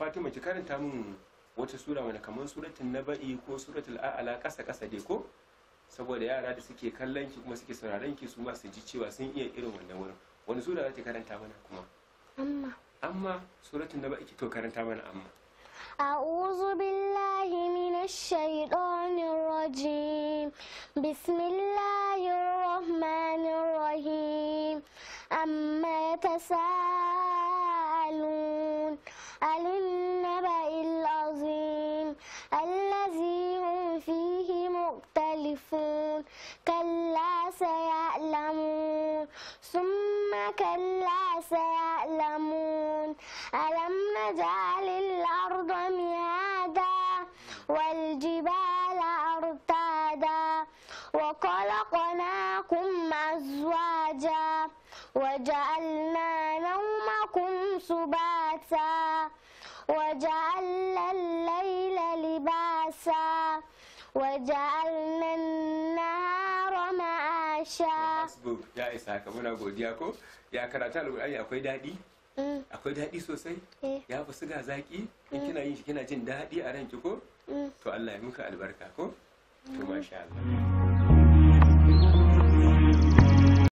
fatima ki karanta min wata sura mana kamar suratul naba'i ko suratul a'la kasa kasa dai ko saboda yara da suke kallon ki kuma suke sauraron ki su ma su ji cewa sun iya irin wannan wurin wani sura za ta karanta mana kuma amma amma suratul naba'i ki to karanta mana amma أعوذ بالله من الشيطان الرجيم بسم الله الرحمن الرحيم أما يتساءل سيعلمون ثم كلا سيعلمون ألم نجعل الأرض مهادا والجبال أرتادا وخلقناكم أزواجا وجعلنا نومكم سباتا وجعلنا الليل لباسا وجعلنا النهار Fasbuk sha ya isa haka muna godiya ko ya karata alƙur'ani akwai daɗi mm. akwai daɗi sosai eh. ya fi siga zaƙi in mm. kina yin shi kina jin daɗi a ranki ko mm. to Allah ya muka albarka ko to masha Allah